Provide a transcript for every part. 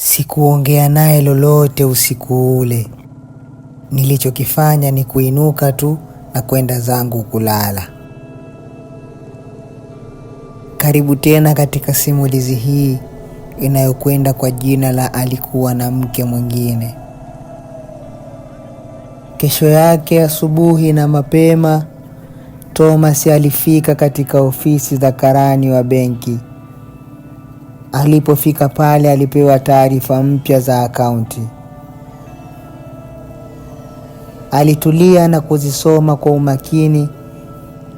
Sikuongea naye lolote usiku ule. Nilichokifanya ni kuinuka tu na kwenda zangu kulala. Karibu tena katika simulizi hii inayokwenda kwa jina la alikuwa na mke mwingine. Kesho yake asubuhi na mapema, Thomas alifika katika ofisi za karani wa benki Alipofika pale alipewa taarifa mpya za akaunti. Alitulia na kuzisoma kwa umakini,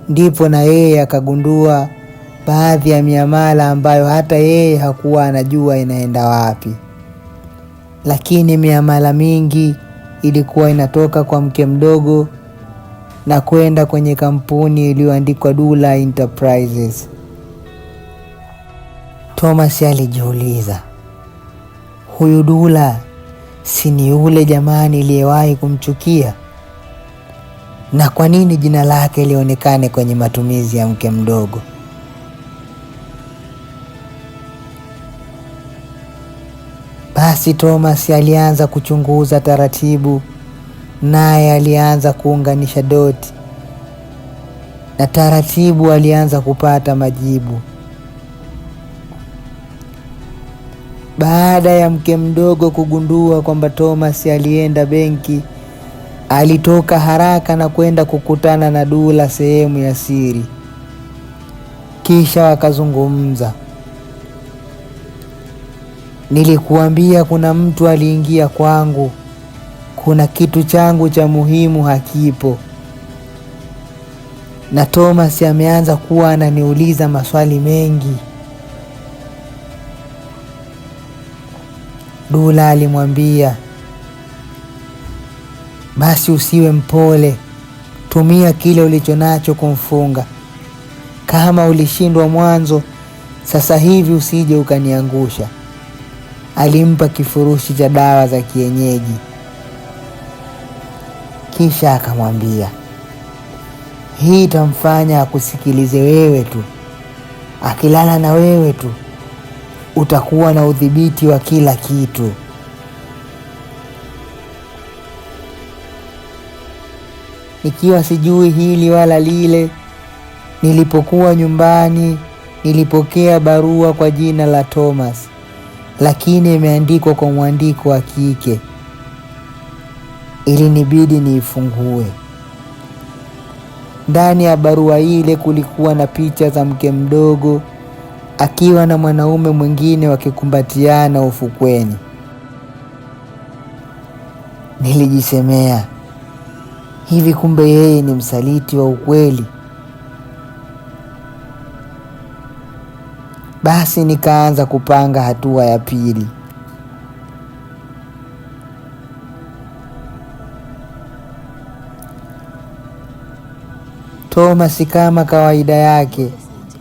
ndipo na yeye akagundua baadhi ya miamala ambayo hata yeye hakuwa anajua inaenda wapi, lakini miamala mingi ilikuwa inatoka kwa mke mdogo na kwenda kwenye kampuni iliyoandikwa Dula Enterprises. Thomas alijiuliza, huyu Dula si ni yule jamaa niliyewahi kumchukia? Na kwa nini jina lake lionekane kwenye matumizi ya mke mdogo? Basi Thomas alianza kuchunguza taratibu, naye alianza kuunganisha doti, na taratibu alianza kupata majibu. Baada ya mke mdogo kugundua kwamba Thomas alienda benki, alitoka haraka na kwenda kukutana na Dula sehemu ya siri, kisha wakazungumza. Nilikuambia kuna mtu aliingia kwangu, kuna kitu changu cha muhimu hakipo, na Thomas ameanza kuwa ananiuliza maswali mengi. Dula alimwambia, basi usiwe mpole, tumia kile ulichonacho kumfunga. Kama ulishindwa mwanzo, sasa hivi usije ukaniangusha. Alimpa kifurushi cha dawa za kienyeji, kisha akamwambia, hii itamfanya akusikilize wewe tu, akilala na wewe tu utakuwa na udhibiti wa kila kitu. Nikiwa sijui hili wala lile, nilipokuwa nyumbani nilipokea barua kwa jina la Thomas, lakini imeandikwa kwa mwandiko wa kike. Ilinibidi niifungue. Ndani ya barua ile kulikuwa na picha za mke mdogo akiwa na mwanaume mwingine wakikumbatiana ufukweni. Nilijisemea, hivi kumbe yeye ni msaliti wa ukweli. Basi nikaanza kupanga hatua ya pili. Thomas kama kawaida yake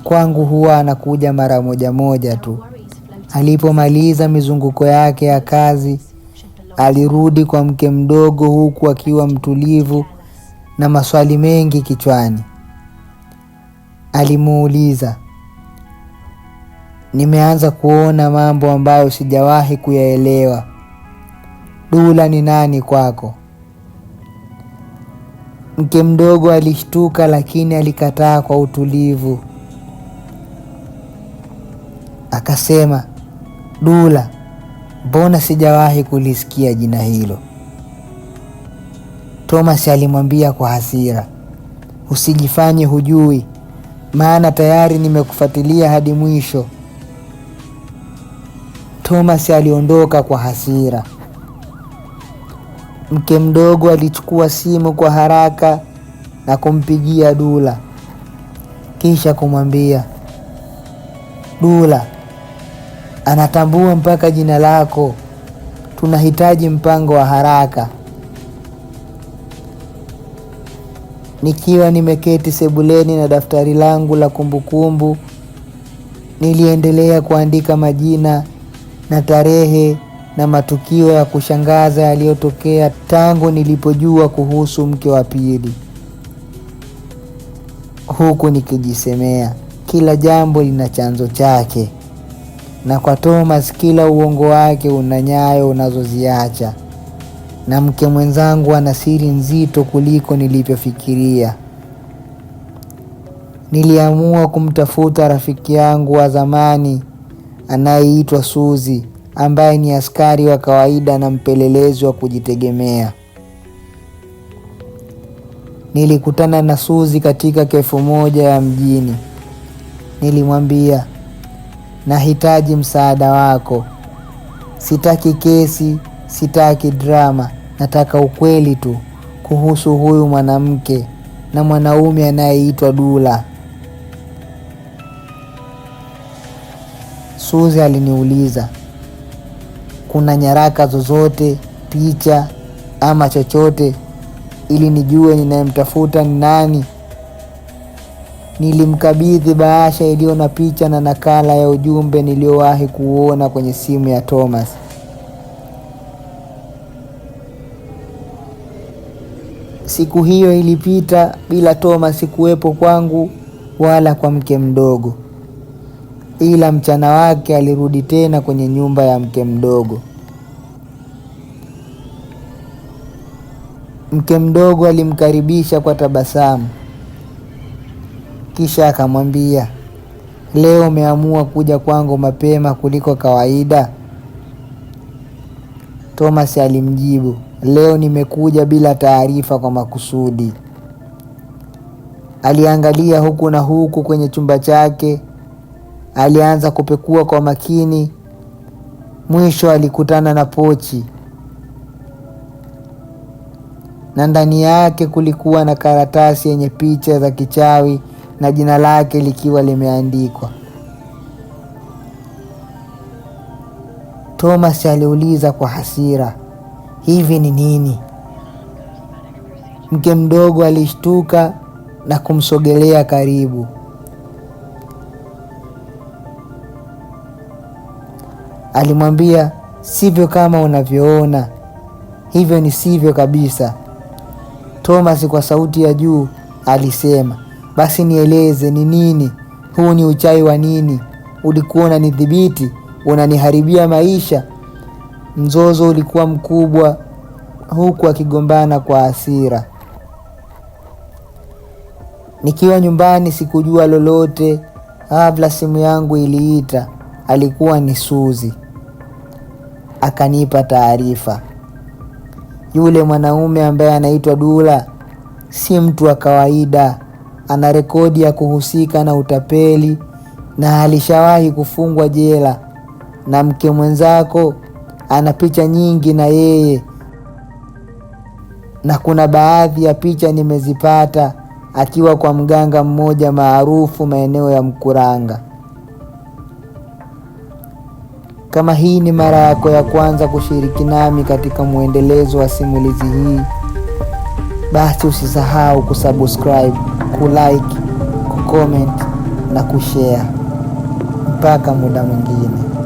kwangu huwa anakuja mara moja moja tu. Alipomaliza mizunguko yake ya kazi, alirudi kwa mke mdogo, huku akiwa mtulivu na maswali mengi kichwani. Alimuuliza, nimeanza kuona mambo ambayo sijawahi kuyaelewa. Dula ni nani kwako? Mke mdogo alishtuka, lakini alikataa kwa utulivu. Akasema, Dula, mbona sijawahi kulisikia jina hilo? Thomas alimwambia kwa hasira, usijifanye hujui, maana tayari nimekufuatilia hadi mwisho. Thomas aliondoka kwa hasira. Mke mdogo alichukua simu kwa haraka na kumpigia Dula, kisha kumwambia, Dula anatambua mpaka jina lako. Tunahitaji mpango wa haraka. Nikiwa nimeketi sebuleni na daftari langu la kumbukumbu, niliendelea kuandika majina na tarehe na matukio ya kushangaza yaliyotokea tangu nilipojua kuhusu mke wa pili, huku nikijisemea kila jambo lina chanzo chake na kwa Thomas kila uongo wake una nyayo unazoziacha, na mke mwenzangu ana siri nzito kuliko nilivyofikiria. Niliamua kumtafuta rafiki yangu wa zamani anayeitwa Suzi ambaye ni askari wa kawaida na mpelelezi wa kujitegemea. Nilikutana na Suzi katika kefu moja ya mjini. Nilimwambia Nahitaji msaada wako. Sitaki kesi, sitaki drama. Nataka ukweli tu kuhusu huyu mwanamke na mwanaume anayeitwa Dula. Suzi aliniuliza, kuna nyaraka zozote, picha ama chochote ili nijue ninayemtafuta ni nani? Nilimkabidhi bahasha iliyo na picha na nakala ya ujumbe niliyowahi kuona kwenye simu ya Thomas. Siku hiyo ilipita bila Thomas kuwepo kwangu wala kwa mke mdogo, ila mchana wake alirudi tena kwenye nyumba ya mke mdogo. Mke mdogo alimkaribisha kwa tabasamu. Kisha akamwambia, leo umeamua kuja kwangu mapema kuliko kawaida? Thomas alimjibu, leo nimekuja bila taarifa kwa makusudi. Aliangalia huku na huku kwenye chumba chake, alianza kupekua kwa makini. Mwisho alikutana na pochi, na ndani yake kulikuwa na karatasi yenye picha za kichawi na jina lake likiwa limeandikwa. Thomas aliuliza kwa hasira, hivi ni nini? Mke mdogo alishtuka na kumsogelea karibu. Alimwambia, sivyo kama unavyoona, hivyo ni sivyo kabisa. Thomas kwa sauti ya juu alisema. Basi nieleze ni nini huu? Ni uchai wa nini? Ulikuwa unanidhibiti, unaniharibia maisha. Mzozo ulikuwa mkubwa, huku akigombana kwa asira Nikiwa nyumbani sikujua lolote. Ghafla simu yangu iliita, alikuwa ni Suzi. Akanipa taarifa, yule mwanaume ambaye anaitwa Dula si mtu wa kawaida ana rekodi ya kuhusika na utapeli na alishawahi kufungwa jela, na mke mwenzako ana picha nyingi na yeye, na kuna baadhi ya picha nimezipata akiwa kwa mganga mmoja maarufu maeneo ya Mkuranga. Kama hii ni mara yako ya kwanza kushiriki nami katika mwendelezo wa simulizi hii basi usisahau kusubscribe, kulike, kucomment na kushare. Mpaka muda mwingine.